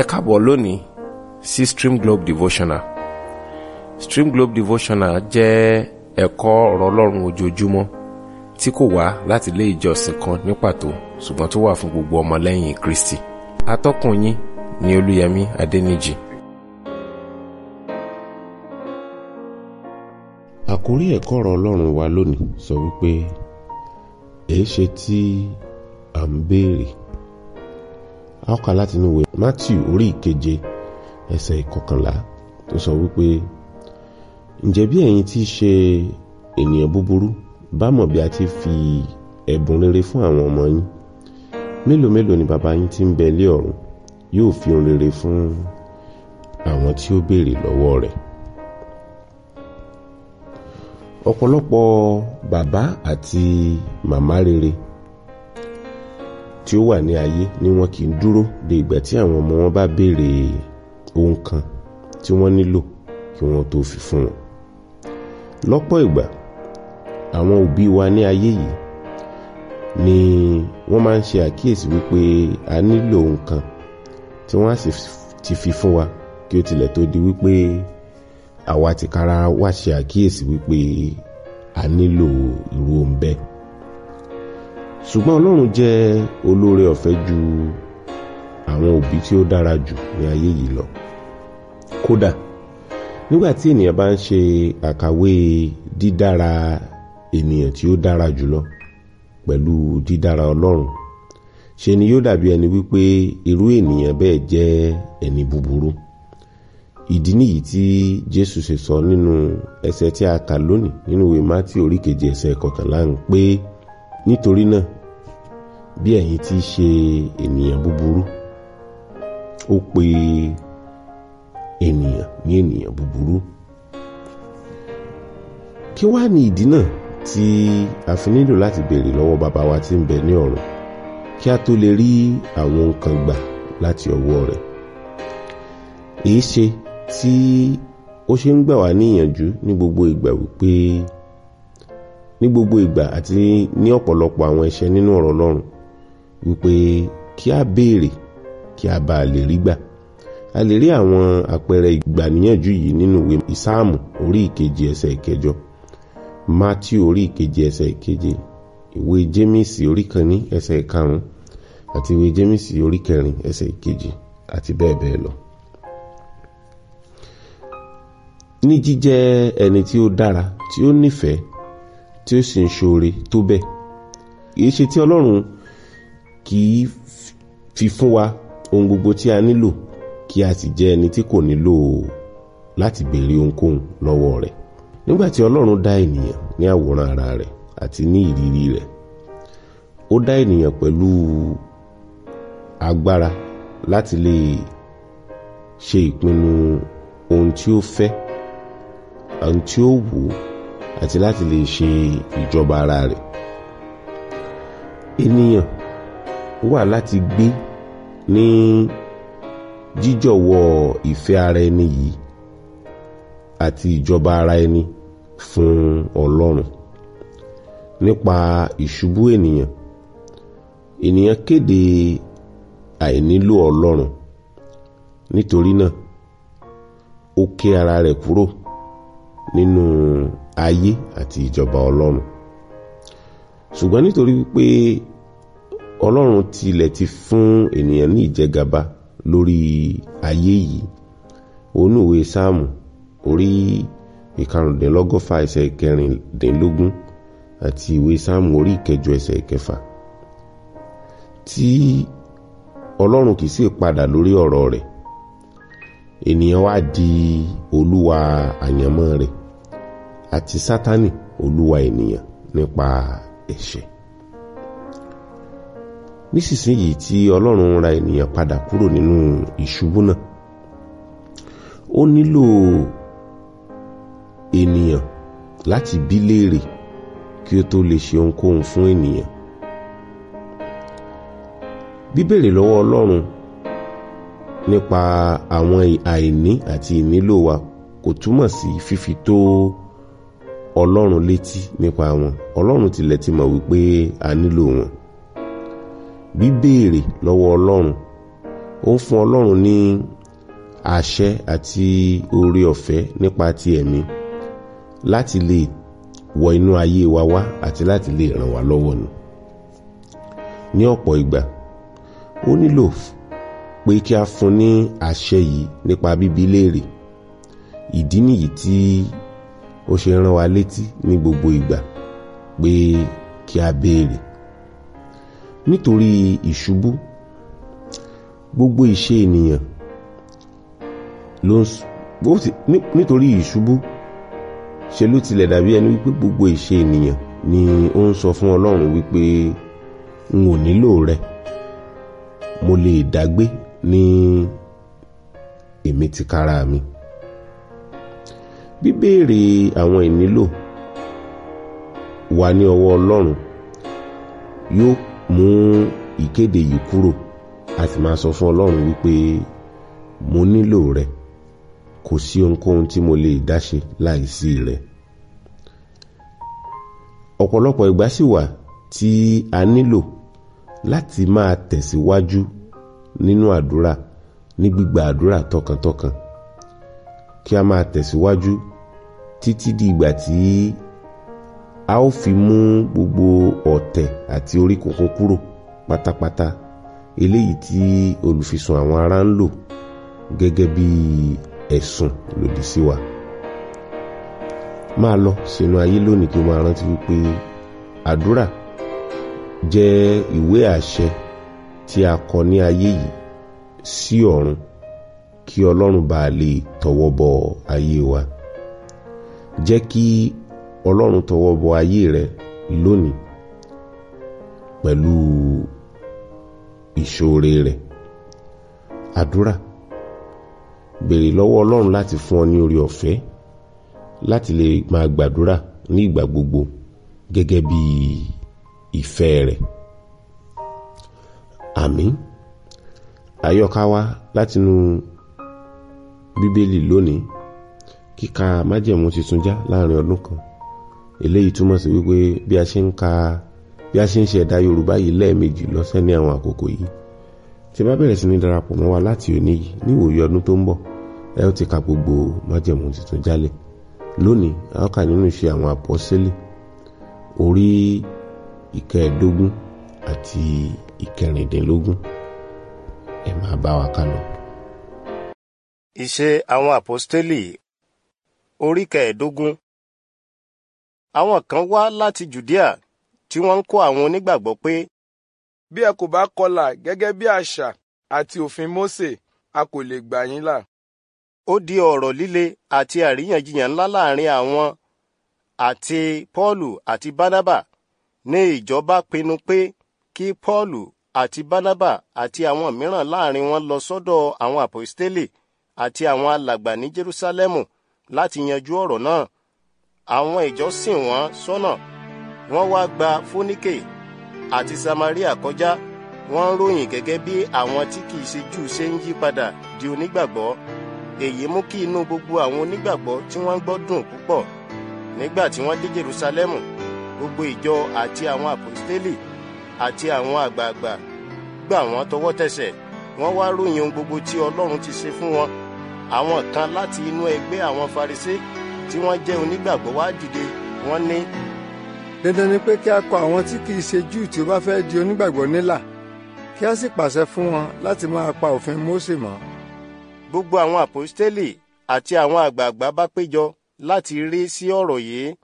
ẹ káàbọ̀ lónìí sí Stream Globe Devotional Stream Globe Devotional jẹ́ ẹ̀kọ́ ọ̀rọ̀ ọlọ́run ojoojúmọ́ tí kò wá láti ilé ìjọsìn kan ní pàtó ṣùgbọ́n tó wà fún gbogbo ọmọlẹ́yìn Kristi atọ́kùn yín ni Olúyẹmí Adẹ́nìjì. àkórí ẹ̀kọ́ ọ̀rọ̀ ọlọ́run wa lónìí sọ wípé èéṣe tí à ń béèrè a ó láti inú ìwé Matthew orí ìkeje ẹsẹ̀ ìkọkànlá tó sọ wípé ǹjẹ́ bí ẹ̀yin ti ṣe ènìyàn búburú bá mọ̀ bí a ti fi ẹ̀bùn rere fún àwọn ọmọ yín mélòó mélòó ni bàbá yín ti ń bẹ ilé ọ̀run yóò fi ohun rere fún àwọn tí ó béèrè lọ́wọ́ rẹ̀ ọ̀pọ̀lọpọ̀ bàbá àti màmá rere tí ó wà ní ayé ni wọn kì í dúró de ìgbà tí àwọn ọmọ wọn bá béèrè ohun kan tí wọ́n nílò kí wọ́n tó fi fún wọn. lọ́pọ̀ ìgbà àwọn òbí wa ní ayé yìí ni wọ́n máa ń ṣe àkíyèsí wípé a nílò ohun kan tí wọ́n á sì ti fi fún wa kí ó tilẹ̀ tó di wípé àwa tìkára wá ṣe àkíyèsí wípé a nílò irú ohun bẹ́ẹ̀ ṣùgbọ́n ọlọ́run jẹ́ olóore ọ̀fẹ́ ju àwọn òbí tí ó dára jù ní ayé yìí lọ kódà nígbà tí ènìyàn bá ń ṣe àkàwé dídára ènìyàn tí ó dára jùlọ pẹ̀lú dídára ọlọ́run ṣe ni yóò dàbí ẹni wípé irú ènìyàn bẹ́ẹ̀ jẹ́ ẹni búburú ìdí nìyí tí jésù ṣe sọ nínú ẹsẹ̀ tí a kà lónìí nínú ìwé mátí oríkeje ẹsẹ̀ kọkànlá ń pé nítorí náà bí ẹ̀yin ti ṣe ènìyàn búburú ó pe ènìyàn ní ènìyàn búburú kí wá ní ìdí náà tí a fi nílò láti béèrè lọ́wọ́ bàbá wa tí ń bẹ ní ọ̀run kí a tó lè rí àwọn nǹkan gbà láti ọwọ́ rẹ̀ èyí ṣe tí ó ṣe ń gbà wá níyànjú ní gbogbo ìgbà wípé ní gbogbo ìgbà àti ní ọ̀pọ̀lọpọ̀ àwọn iṣẹ́ nínú ọ̀rọ̀ Ọlọ́run wípé kí a béèrè kí a bá a lè rí gbà a lè rí àwọn àpẹẹrẹ ìgbàníyànjú yìí nínú ìwé ìsáàmù orí ìkeje ẹsẹ̀ ìkẹjọ matthew orí ìkeje ẹsẹ̀ ìkeje ìwé jémìsì orí kẹni ẹsẹ̀ ìkarùn àti ìwé jémìsì orí kẹrin ẹsẹ̀ ìkeje àti bẹ́ẹ̀ bẹ́ẹ̀ lọ. ní jíjẹ́ ẹni tí ó dára tí ó nífẹ̀ẹ́ tí ó sì ń ṣoore tó bẹ́ẹ̀ èyí ṣe tí ọlọ́run kì í fi fún wa ohun gbogbo tí a nílò kí a sì jẹ́ ẹni tí kò nílò láti béèrè ohunkóhun lọ́wọ́ rẹ̀ nígbà tí ọlọ́run dá ènìyàn ní àwòrán ara rẹ̀ àti ní ìrírí rẹ̀ ó dá ènìyàn pẹ̀lú agbára láti lè ṣe ìpinnu ohun tí ó fẹ́ ohun tí ó wù ú àti láti lè ṣe ìjọba ara rẹ̀ ènìyàn wà láti gbé ní jíjọ̀wọ́ ìfẹ́ ara ẹni yìí àti ìjọba ara ẹni fún Ọlọ́run nípa ìṣubú ènìyàn ènìyàn kéde àìnílò Ọlọ́run nítorí náà ó ké ara rẹ̀ kúrò nínú ayé àti ìjọba ọlọ́run ṣùgbọ́n nítorí wípé ọlọ́run tilẹ̀ ti fún ènìyàn ní ìjẹgàba lórí ayé yìí onúwe sáàmù orí ìkarùndínlọ́gọ́fà ẹsẹ̀ kẹrìndínlógún àti ìwé sáàmù orí ìkẹjọ ẹsẹ̀ kẹfà tí ọlọ́run kìí sì padà lórí ọ̀rọ̀ rẹ̀ ènìyàn wá di olúwa àyànmọ́ rẹ̀ àti sátani olúwa ènìyàn nípa ẹ̀ṣẹ̀ nísinsìnyí tí ọlọ́run ra ènìyàn padà kúrò nínú ìṣubú náà ó nílò ènìyàn láti bí léèrè kí ó tó lè ṣe ohunkóhun fún ènìyàn bíbèrè lọ́wọ́ ọlọ́run nípa àwọn àìní àti ìnílò wa kò túmọ̀ sí fífi tó ọlọ́run létí nípa wọn ọlọ́run tilẹ̀ ti mọ̀ wípé a nílò wọn bíbéèrè lọ́wọ́ ọlọ́run ó ń fún ọlọ́run ní àṣẹ àti oore ọ̀fẹ́ nípa ti ẹ̀mí láti lè wọ inú ayé wa wá àti láti lè ràn wá lọ́wọ́ ni ní ọ̀pọ̀ ìgbà ó nílò pé kí a fún ní àṣẹ yìí nípa bíbí léèrè ìdí nìyí tí ó ṣe rán wa létí ní gbogbo ìgbà pé kí a béèrè nítorí ìṣubú gbogbo ìṣe ènìyàn ló ń nítorí ìṣubú ṣe ló tilẹ̀ dàbí ẹni wípé gbogbo ìṣe ènìyàn ni ó ń sọ fún ọlọ́run wípé n ò nílò rẹ mo lè dágbé ní èmi tìkára mi. Ni, bíbéèrè àwọn ìnílò wa ní ọwọ́ ọlọ́run yóò mú ìkéde yìí kúrò a sì máa sọ fún ọlọ́run wípé mo nílò rẹ kò sí ohunkóhun tí mo lè dá ṣe láìsí rẹ ọ̀pọ̀lọpọ̀ ìgbà sì wà tí a nílò láti máa tẹ̀síwájú nínú àdúrà ní gbígba àdúrà tọkàntọkàn kí a máa tẹ̀síwájú títí di ìgbà tí a ó fi mú gbogbo ọ̀tẹ̀ àti orí kunkun kúrò pátápátá eléyìí tí olùfisùn àwọn ará ń lò gẹ́gẹ́ bí ẹ̀sùn lòdì sí wa máa lọ sínú ayé lónìí kí o máa rántí wípé àdúrà jẹ́ ìwé àṣẹ tí a kọ ní ayé yìí sí ọ̀run kí ọlọ́run bá lè tọwọ́ bọ ayé wa jẹ́ kí ọlọ́run tọwọ́ bọ ayé rẹ lónìí pẹ̀lú ìṣoore rẹ̀ àdúrà béèrè lọ́wọ́ ọlọ́run láti fún ọ ní orí ọ̀fẹ́ láti lè máa gbàdúrà ní ìgbà gbogbo gẹ́gẹ́ bí ìfẹ́ rẹ̀ àmín àyọkà látinú bíbélì lónìí kíka májẹ̀mú tuntun já láàrin ọdún kan eléyìí túmọ̀ sí wípé bí a ṣe ń ka bí a ṣe ń ṣẹ̀dá yorùbá yìí lẹ́ẹ̀mejì lọ́sẹ̀ ní àwọn àkókò yìí tí bá bẹ̀rẹ̀ sí ní darapọ̀ mọ́ wa láti òní yìí ní ìwòye ọdún tó ń bọ̀ ẹ ó ti ka gbogbo májẹ̀mú tuntun jálẹ̀ lónìí a ó nínú ìṣe àwọn àpọ́sílẹ̀ orí ìkẹẹ̀ẹ́dógún àti ìkẹrìndínlógún ẹ máa bá wa kà lọ. ìṣe àwọn àpọ́stélì orí kẹẹ̀ẹ́dógún. Àwọn kan wá láti Jùdíà tí wọ́n ń kó àwọn onígbàgbọ́ pé. Bí ẹ kò bá kọlà gẹ́gẹ́ bí àṣà àti òfin Mósè, a kò lè gbà yín là. Ó di ọ̀rọ̀ líle àti àríyànjiyàn ńlá láàrin àwọn àti Pọ́ọ̀lù àti Bánábà ní ìjọba pinnu pé kí Pọ́ọ̀lù àti Bánábà àti àwọn mìíràn láàrin wọn lọ sọ́dọ̀ àwọn àpòstélì àti àwọn alàgbà ní Jerúsálẹ́mù láti yanjú ọ̀rọ̀ náà àwọn ìjọ sìn wọ́n sọ́nà wọ́n wá gba fóníkè àti samaria kọjá wọ́n ń ròyìn gẹ́gẹ́ bí àwọn tí kìí ṣe júù ṣe ń yí padà di onígbàgbọ́ èyí mú kí inú gbogbo àwọn onígbàgbọ́ tí wọ́n ń gbọ́ dùn púpọ̀ nígbà tí wọ́n dé jerusalemu gbogbo ìjọ àti àwọn àpòstélì àti àwọn àgbààgbà gbà wọ́n tọwọ́ tẹsẹ̀ wọ́n wá ròyìn ohun gbogbo tí ọlọ́run ti ṣe fún wọn àwọn kan láti inú ẹgbẹ́ àwọn farisé tí wọ́n jẹ́ onígbàgbọ́ wá dìde wọ́n ní. dandan ni pé kí a kọ àwọn tí kìí ṣe júù tí ó bá fẹ́ di onígbàgbọ́ nílà kí a sì pàṣẹ fún wọn láti máa pa òfin Mósè mọ́. gbogbo àwọn àpòstélì àti àwọn àgbààgbà bá péjọ láti rí sí ọ̀rọ̀ yìí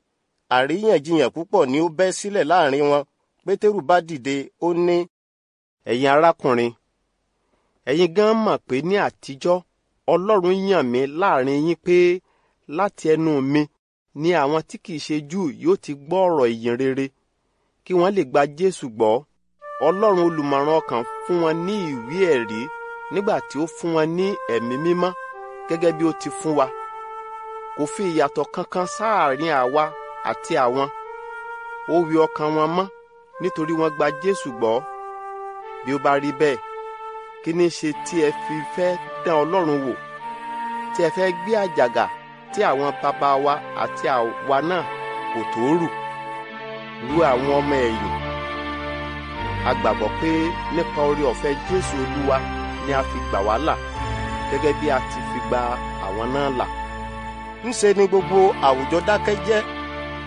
àríyànjiyàn púpọ̀ ni ó bẹ́ sílẹ̀ láàrin wọn pétérù bá dìde ó ní. ẹ̀yin arákùnrin ẹ̀yin gan mọ̀ pé ní àtijọ́ Ọlọ́run yàn mí láàrin yín pé láti ẹnu mi ni àwọn tí kìí ṣe Júù yóò ti gbọ́ ọ̀rọ̀ ìyìn rere kí wọ́n lè gba Jésù gbọ́ Ọlọ́run olùmọ̀ràn ọkàn fún wọn ní ìwé ẹ̀rí nígbà tí ó fún wọn ní ẹ̀mí mímọ́ gẹ́gẹ́ bí ó ti fún wa kò fi ìyàtọ̀ kankan sáàárín àwa àti àwọn ó wí ọkàn wọn mọ́ nítorí wọ́n gba Jésù gbọ́ bí ó bá rí bẹ́ẹ̀ kí ni ṣe tí ẹ fi fẹ́ dán ọlọ́run wò tí ẹ fẹ́ gbé àjàgà tí àwọn bàbá wa àti àwa náà kò tó rù lu àwọn ọmọ ẹ̀yìn a gbàgbọ́ pé nípa orí ọ̀fẹ́ jésù olúwa ni a fi gbà wá là gẹ́gẹ́ bí a ti fi gba àwọn náà là ńṣe ni gbogbo àwùjọ dákẹ́ jẹ́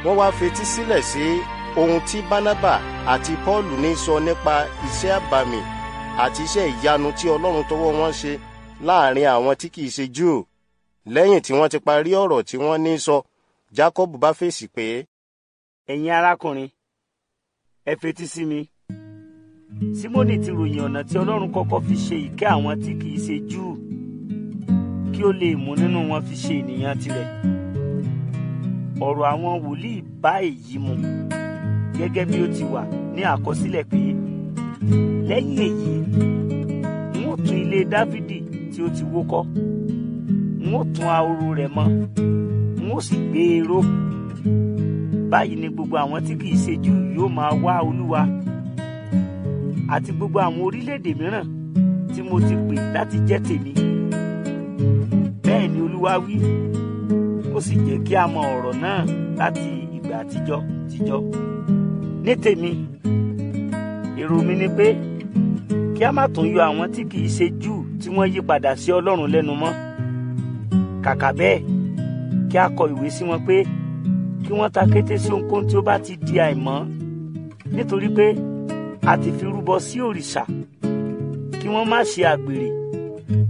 wọ́n wá fetí sílẹ̀ sí ohun tí bánábà àti pọ́ọ̀lù ní sọ nípa iṣẹ́ àbàmì àti iṣẹ́ ìyanu tí Ọlọ́run tọwọ́ wọn ṣe láàrin àwọn tí kìí ṣe Júù lẹ́yìn tí wọ́n ti parí ọ̀rọ̀ tí wọ́n ní sọ Jacob bá fèsì pé. ẹ̀yin arákùnrin ẹ fetí sí mi simoni ti ròyìn ọ̀nà tí Ọlọ́run kọ́kọ́ fi ṣe ìkẹ́ àwọn tí kìí ṣe Júù kí ó lè mú nínú wọn fi ṣe ènìyàn tirẹ̀ ọ̀rọ̀ àwọn wòlíì bá èyí mu gẹ́gẹ́ bí ó ti wà ní àkọsílẹ̀ pé lẹ́yìn èyí n ó tún ilé dávidi tí ó ti wó kọ́ n ó tún ahoro rẹ̀ mọ́ n ó sì gbé e ró báyìí ni gbogbo àwọn tí kìí ṣe júù yóò máa wá olúwa àti gbogbo àwọn orílẹ̀-èdè mìíràn tí mo ti pè láti jẹ́ tèmi bẹ́ẹ̀ ni olúwa wí ó sì jẹ́ kí a mọ ọ̀rọ̀ náà láti ìgbà àtijọ́ tijọ́ ní tèmi èrò mi ni pé kí a má tún yọ àwọn tí kì í ṣe júù tí wọ́n yí padà sí ọlọ́run lẹ́nu mọ́ kàkà bẹ́ẹ̀ kí a kọ ìwé sí wọn pé kí wọ́n ta kété sí ohunkóhun tí ó bá ti di àìmọ́ nítorí pé a ti fi rúbọ sí òrìṣà kí wọ́n má ṣe àgbèrè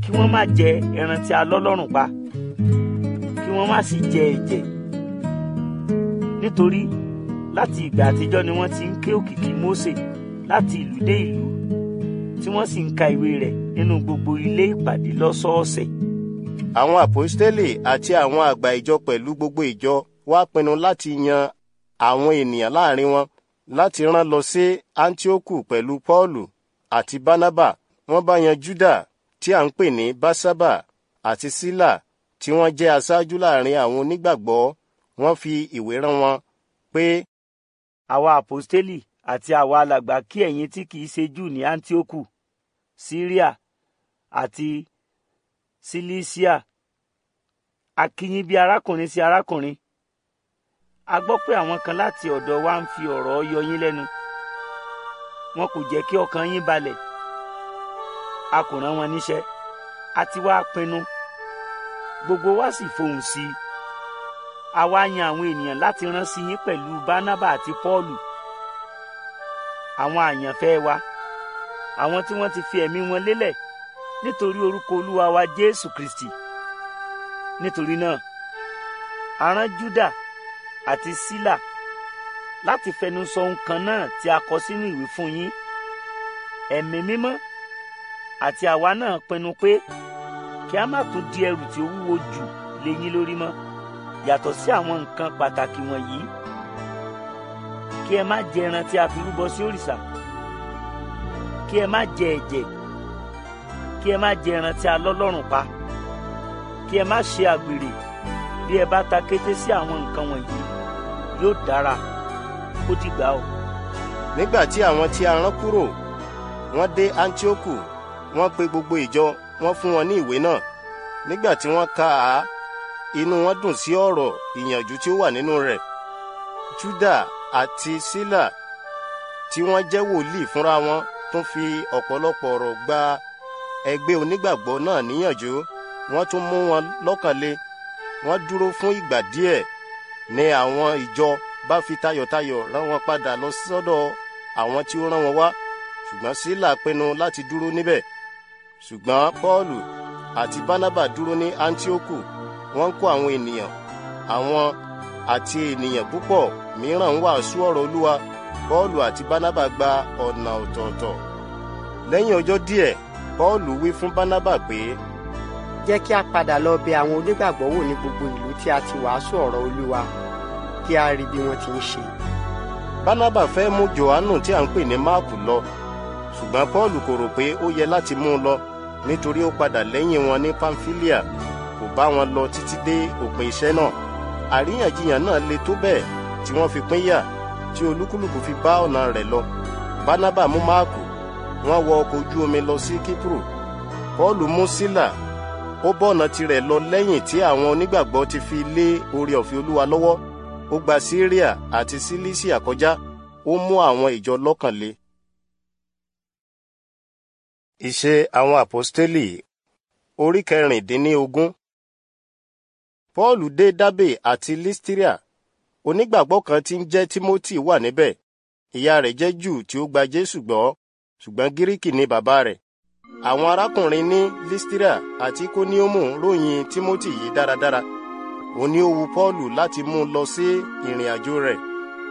kí wọ́n má jẹ ẹran tí a lọ́lọ́rùn pa kí wọ́n má sì jẹ ẹ̀jẹ̀ nítorí láti ìgbà àtijọ́ ni wọ́n ti ń ké òkìkí Mósè láti ìlú dé ìlú tí wọ́n sì ń ka ìwé rẹ̀ nínú gbogbo ilé ìpàdé lọ́sọ̀ọ̀sẹ̀. àwọn àpòstélì àti àwọn àgbà ìjọ pẹ̀lú gbogbo ìjọ wá pinnu láti yan àwọn ènìyàn láàrin wọn láti rán lọ sí antioku pẹ̀lú paulu àti barnaba wọ́n bá yan juda tí à ń pè ní basaba àti sila tí wọ́n jẹ́ aṣáájú láàrin àwọn onígbàgbọ́ wọ́n fi ìwé rán wọn pé. àwa àpòstélì àti àwa alàgbà kí ẹ̀yin tí kìí ṣe jù ní Áńtíókù Síríà àti Silisia a kí yín bí arákùnrin sí arákùnrin a gbọ́ pé àwọn kan láti ọ̀dọ̀ wa ń fi ọ̀rọ̀ yọ yín lẹ́nu wọn kò jẹ́ kí ọkàn yín balẹ̀ a kò rán wọn níṣẹ́ a ti wá pinnu gbogbo wa sì fohùn sí i a wá yan àwọn ènìyàn láti rán sí yín pẹ̀lú Bánábà àti Pọ́ọ̀lù àwọn àyànfẹ́ wa àwọn tí wọ́n ti fi ẹ̀mí wọn lélẹ̀ nítorí orúkọ olúwa wa jésù kristi nítorí náà a rán júdà àti sílà láti fẹnusọ nǹkan náà tí a kọ sínú ìwé fún yín ẹ̀mí mímọ́ àti àwa náà pinnu pé kí a má tún di ẹrù tí ó wúwo jù lé lórí mọ́ yàtọ̀ sí àwọn nǹkan pàtàkì wọ̀nyí kí ẹ má jẹ ẹran tí a fi rúbọ sí òrìṣà kí ẹ má jẹ ẹ̀jẹ̀ kí ẹ má jẹ ẹran tí a lọ́lọ́rùn pa kí ẹ má ṣe àgbèrè bí ẹ bá ta kété sí àwọn nǹkan wọ̀nyí yóò dára ó dìgbà o. nígbà tí àwọn tí a rán kúrò wọ́n dé Antioku wọ́n pe gbogbo ìjọ wọ́n fún wọn ní ìwé náà nígbà tí wọ́n kà á inú wọn dùn sí ọ̀rọ̀ ìyànjú tí ó wà nínú rẹ̀ Júdà àti sílà tí wọ́n jẹ́ wòlíì fúnra wọn tún fi ọ̀pọ̀lọpọ̀ ọ̀rọ̀ gba ẹgbẹ́ onígbàgbọ́ náà níyànjú wọ́n tún mú wọn lọ́kànlé wọ́n dúró fún ìgbà díẹ̀ ní àwọn ìjọ bá fi tayọ̀tayọ̀ rán wọn padà lọ sọ́dọ̀ àwọn tí ó rán wọn wá ṣùgbọ́n sílà pinnu láti dúró níbẹ̀ ṣùgbọ́n pọ́ọ̀lù àti bánábà dúró ní antioku wọ́n ń kọ́ àwọn ènìyàn àwọn àti ènìyàn púpọ̀ mìíràn ń wàásù ọ̀rọ̀ olúwa paul àti barnaba gba ọ̀nà ọ̀tọ̀ọ̀tọ̀ lẹ́yìn ọjọ́ díẹ̀ paul wí fún barnaba pé. jẹ́ kí a padà lọ bẹ̀ àwọn onígbàgbọ́ wò ní gbogbo ìlú tí a ti wàásù ọ̀rọ̀ olúwa kí a rí bí wọ́n ti ń ṣe. barnaba fẹ́ mú johanu tí a ń pè ní máàkù lọ ṣùgbọ́n paul kò rò pé ó yẹ láti mú un lọ nítorí ó padà lẹ́yìn wọn ní pamfilia kò bá wọn lọ títí dé òpin iṣẹ́ náà àríyànjiyàn náà le tó bẹ́ẹ̀ tí wọ́n fi pín yà tí olúkúlùkù fi bá ọ̀nà rẹ̀ lọ bánábà mú máàkù wọ́n wọ ọkọ̀ ojú omi lọ sí kíprù pọ́ọ̀lù mú sílà ó bọ̀nà tirẹ̀ lọ lẹ́yìn tí àwọn onígbàgbọ́ ti fi lé oore ọ̀fẹ́ olúwa lọ́wọ́ ó gba síríà àti sílísíà kọjá ó mú àwọn ìjọ lọ́kànlé. ìṣe àwọn àpọ́stélì orí kẹrìndínlógún Pọ́ọ̀lù dé Dábè àti Lístíríà. Onígbàgbọ́ kan tí ń jẹ́ Tímótì wà níbẹ̀. Ìyá rẹ̀ jẹ́ Júù tí ó gba Jésù gbọ́, ṣùgbọ́n Gíríkì ni bàbá rẹ̀. Àwọn arákùnrin ní Lístíríà àti Kóníómù ròyìn Tímótì yìí dáradára. Ó ní ó wu Pọ́ọ̀lù láti mú un lọ sí ìrìn àjò rẹ̀.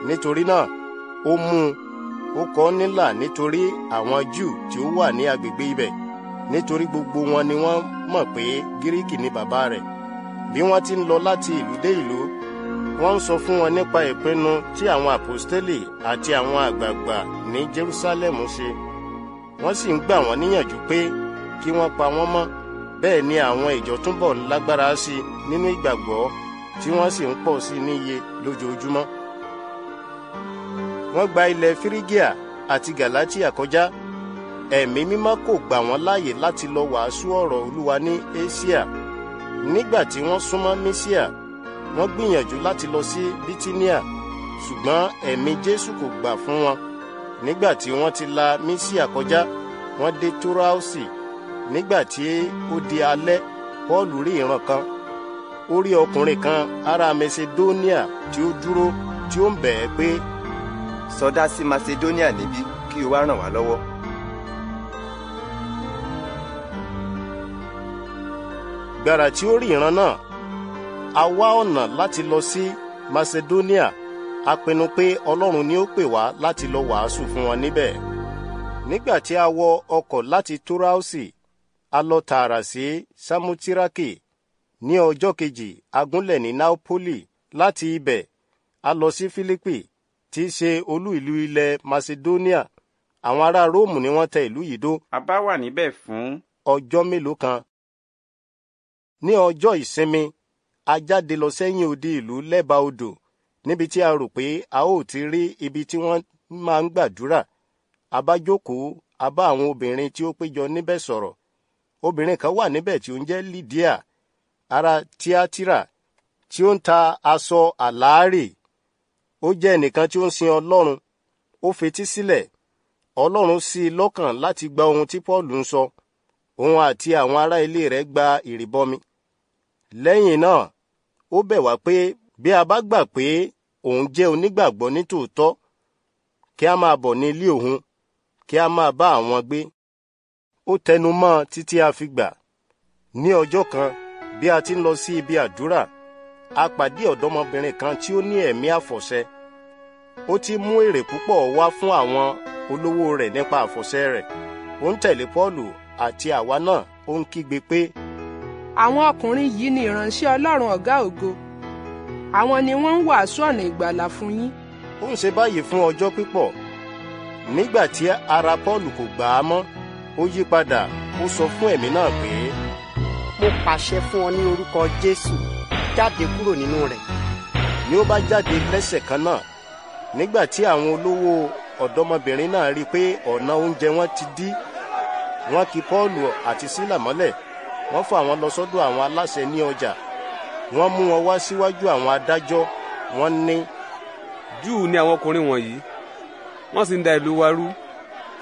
Nítorí náà, ó mú un ó kọ nílà nítorí àwọn Júù tí ó wà ní agbègbè ibẹ̀ nítorí gbogbo wọn ni wọ́n mọ̀ pé Gíríkì ni bàbá rẹ̀ bí wọ́n ti ń lọ láti ìlú dé ìlú wọ́n ń sọ fún wọn nípa ìpinnu tí àwọn àpòstélì àti àwọn àgbààgbà ní Jerusalem ṣe wọ́n sì ń gbà wọ́n níyànjú pé kí wọ́n pa wọ́n mọ́ bẹ́ẹ̀ ni àwọn ìjọ túnbọ̀ lágbára sí nínú ìgbàgbọ́ tí wọ́n sì ń pọ̀ sí níye lójoojúmọ́ wọ́n gba ilẹ̀ Fírígíà àti Gàlátíà kọjá ẹ̀mí mímọ́ kò gbà wọ́n láàyè láti lọ wàásù ọ̀rọ̀ Olúwa ní Asia nígbà tí wọ́n súnmọ́ mísíà wọ́n gbìyànjú láti lọ sí bítíníà ṣùgbọ́n ẹ̀mí jésù kò gbà fún wọn nígbà tí wọ́n ti la mísíà kọjá wọ́n dé túráùsì nígbà tí ó di alẹ́ pọ́ọ̀lù rí ìran kan ó rí ọkùnrin kan ará macedonia tí ó dúró tí ó ń bẹ̀ ẹ́ pé. sọdá sí macedonia níbí kí o wá ràn wá lọ́wọ́ gbàrà tí ó rí ìran náà a wá ọ̀nà láti lọ sí Macedonia a pinnu pé Ọlọ́run ni ó pè wá láti lọ wàásù fún wọn níbẹ̀ nígbà tí a wọ ọkọ̀ láti Túráùsì a lọ tààrà sí Samutiraki ní ọjọ́ kejì a gúnlẹ̀ ní Nápólì láti ibẹ̀ a lọ sí Fílípì tí í ṣe olú ìlú ilẹ̀ Macedonia àwọn ará Róòmù ni wọ́n tẹ ìlú yìí dó. a bá wà níbẹ̀ fún. ọjọ́ mélòó kan ní ọjọ́ ìsinmi a jáde lọ sẹ́yìn odi ìlú lẹ́bàá odò níbi tí a rò pé a ó ti rí ibi tí wọ́n máa ń gbàdúrà a bá jókòó a bá àwọn obìnrin tí ó péjọ níbẹ̀ sọ̀rọ̀ obìnrin kan wà níbẹ̀ tí ó ń jẹ́ Lydia ará Tíátírà tí ó ń ta aṣọ àlárè ó jẹ́ ẹnìkan tí ó ń sin Ọlọ́run ó fetí sílẹ̀ Ọlọ́run sí i lọ́kàn láti gba ohun tí Paul ń sọ òun àti àwọn ará ilé rẹ̀ gba ìrìbọmi lẹ́yìn náà ó bẹ̀ wá pé bí a bá gbà pé òun jẹ́ onígbàgbọ́ nítòótọ́ kí a máa bọ̀ ní ilé òun kí a máa bá àwọn gbé ó tẹnu mọ́ títí a fi gbà ní ọjọ́ kan bí a ti ń lọ sí ibi àdúrà a pàdé ọ̀dọ́mọbìnrin kan tí ó ní ẹ̀mí àfọ̀ṣẹ ó ti mú èrè púpọ̀ wá fún àwọn olówó rẹ̀ nípa àfọ̀ṣẹ rẹ̀ ó ń tẹ̀lé Pọ́ọ̀lù àti àwa náà ó ń kígbe pé àwọn ọkùnrin yìí ni ìránṣẹ́ Ọlọ́run ọ̀gá ògo àwọn ni wọ́n ń wàásù ọ̀nà ìgbàlà fún yín. ó ń ṣe báyìí fún ọjọ́ pípọ̀ nígbà tí ara Paul kò gbà á mọ́ ó yí padà ó sọ fún ẹ̀mí náà pé. mo pàṣẹ fún ọ ní orúkọ Jésù jáde kúrò nínú rẹ̀. ni ó bá jáde lẹ́sẹ̀ kan náà nígbà tí àwọn olówó ọ̀dọ́mọbìnrin náà rí i pé ọ̀nà oúnjẹ wọn ti dí wọ́n kì Paul àti Sílà mọ́lẹ̀ wọ́n fà wọ́n lọ sọ́dọ̀ àwọn aláṣẹ ní ọjà wọ́n mú wọn wá síwájú àwọn adájọ́ wọ́n ní. júù ni àwọn ọkùnrin wọ̀nyí wọ́n sì ń da ìlú wa rú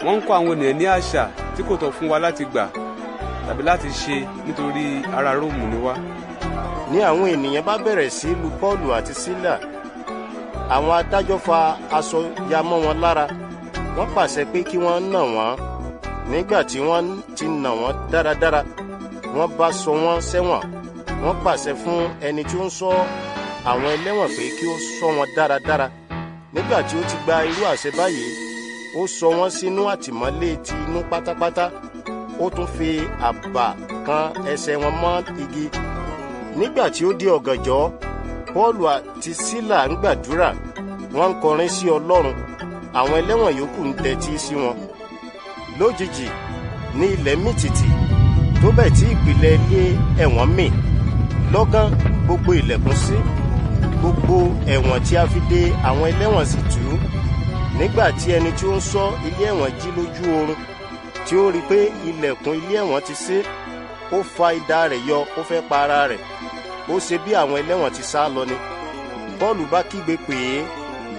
wọ́n ń kọ́ àwọn ènìyàn ní àṣà tí kò tọ́ fún wa láti gbà tàbí láti ṣe nítorí ará róòmù ni wá. ni àwọn ènìyàn bá bẹ̀rẹ̀ sí lu Pọ́ọ̀lù àti Sílà àwọn adájọ́ fa aṣọ ya mọ́ wọn lára wọ́n pàṣẹ pé kí wọ́n nà wọ́n nígbà tí wọ́n ti nà wọ́n dáradára. Dára wọ́n bá sọ wọ́n sẹ́wọ̀n wọ́n pàṣẹ fún ẹni tí ó ń ṣọ́ àwọn ẹlẹ́wọ̀n pé kí ó ṣọ́ wọn dáradára nígbà tí ó ti gba irú àṣẹ báyìí ó sọ wọ́n sínú àtìmọ́lé ti inú pátápátá ó tún fi àbà kan ẹsẹ̀ wọn mọ́ igi nígbà tí ó di ọ̀gànjọ́ Pọ́ọ̀lù àti Sílà ń gbàdúrà wọ́n ń kọrin sí Ọlọ́run àwọn ẹlẹ́wọ̀n yòókù ń tẹ́tí sí wọn lójijì ní ilẹ̀ mìtìtì tó bẹ́ẹ̀ tí ìpìlẹ̀ ilé ẹ̀wọ̀n mì lọ́gán gbogbo ilẹ̀kùn sí gbogbo ẹ̀wọ̀n tí a fi dè àwọn ẹlẹ́wọ̀n sì tú nígbà tí ẹni tí ó ń ṣọ́ ilé ẹ̀wọ̀n jí lójú oorun tí ó rí i pé ilẹ̀kùn ilé ẹ̀wọ̀n ti ṣí ó fa idà rẹ̀ yọ ó fẹ́ pa ara rẹ̀ ó ṣe bí àwọn ẹlẹ́wọ̀n ti sá lọ ni Pọ́ọ̀lù bá kígbe pè é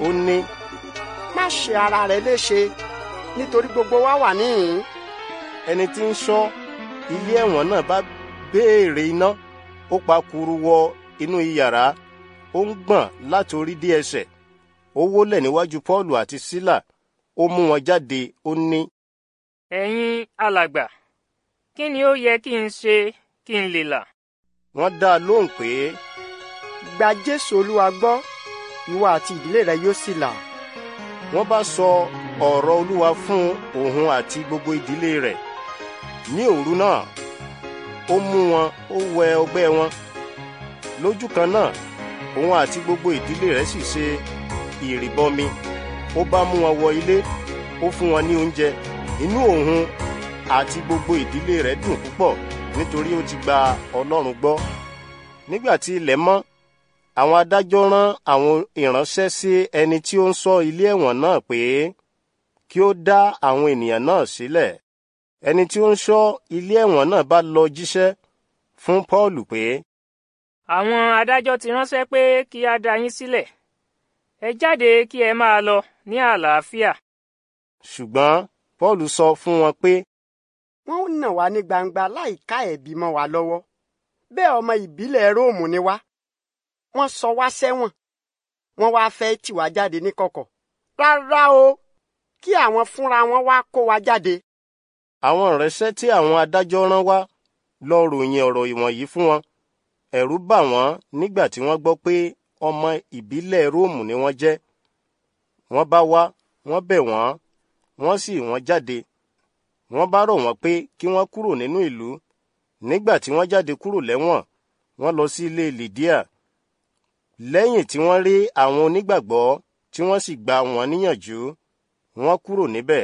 ó ní. má ṣe ara rẹ léṣe nítorí gbogbo wa wà níhìn-ín ẹni tí ń ṣọ́ ilé ẹ̀wọ̀n náà bá béèrè iná ó pa kuru wọ inú iyàrá ó ń gbọ̀n láti orí dé ẹsẹ̀ ó wólẹ̀ níwájú Pọ́ọ̀lù àti Sílà ó mú wọn jáde ó ní. ẹ̀yin alàgbà kí ni ó yẹ kí n ṣe kí n lè là. wọ́n dá a lóhùn pé. gba Jésù Olúwa gbọ́ ìwọ àti ìdílé rẹ yóò sì là. wọ́n bá sọ ọ̀rọ̀ Olúwa fún òun àti gbogbo ìdílé rẹ̀ ní òru náà ó mú wọn ó wẹ ọgbẹ́ wọn lójú kan náà òun àti gbogbo ìdílé rẹ̀ sì ṣe ìrìbọmi ó bá mú wọn wọ ilé ó fún wọn ní oúnjẹ inú òun àti gbogbo ìdílé rẹ̀ dùn púpọ̀ nítorí ó ti gba Ọlọ́run gbọ́ nígbà tí ilẹ̀ mọ́ àwọn adájọ́ rán àwọn ìránṣẹ́ sí ẹni tí ó ń ṣọ́ ilé ẹ̀wọ̀n náà pé kí ó dá àwọn ènìyàn náà sílẹ̀ ẹni tí ó ń ṣọ́ ilé ẹ̀wọ̀n náà bá lọ jíṣẹ́ fún Pọ́ọ̀lù pé. àwọn adájọ́ ti ránṣẹ́ pé kí a dá yín sílẹ̀ ẹ jáde kí ẹ máa lọ ní àlàáfíà. ṣùgbọ́n Pọ́ọ̀lù sọ fún wọn pé. wọ́n ń nà wá ní gbangba láì ká mọ́ wa lọ́wọ́ bẹ́ẹ̀ ọmọ ìbílẹ̀ Róòmù ni wá wọ́n sọ wá sẹ́wọ̀n wọ́n wá fẹ́ tì wá jáde níkọ̀kọ̀ rárá o kí àwọn fúnra wọn wá kó wa jáde àwọn ìránṣẹ́ tí àwọn adájọ́ rán wá lọ ròyìn ọ̀rọ̀ ìwọ̀nyí fún wọn ẹ̀rù bà wọ́n nígbà tí wọ́n gbọ́ pé ọmọ ìbílẹ̀ róòmù ni wọ́n jẹ́ wọ́n bá wá wọ́n bẹ̀ wọ́n wọ́n sì wọ́n jáde wọ́n bá rọ̀ wọ́n pé kí wọ́n kúrò nínú ìlú nígbà tí wọ́n jáde kúrò lẹ́wọ̀n wọ́n lọ sí ilé Lídíà lẹ́yìn tí wọ́n rí àwọn onígbàgbọ́ tí wọ́n sì gba wọ́n níyànjú wọ́n kúrò níbẹ̀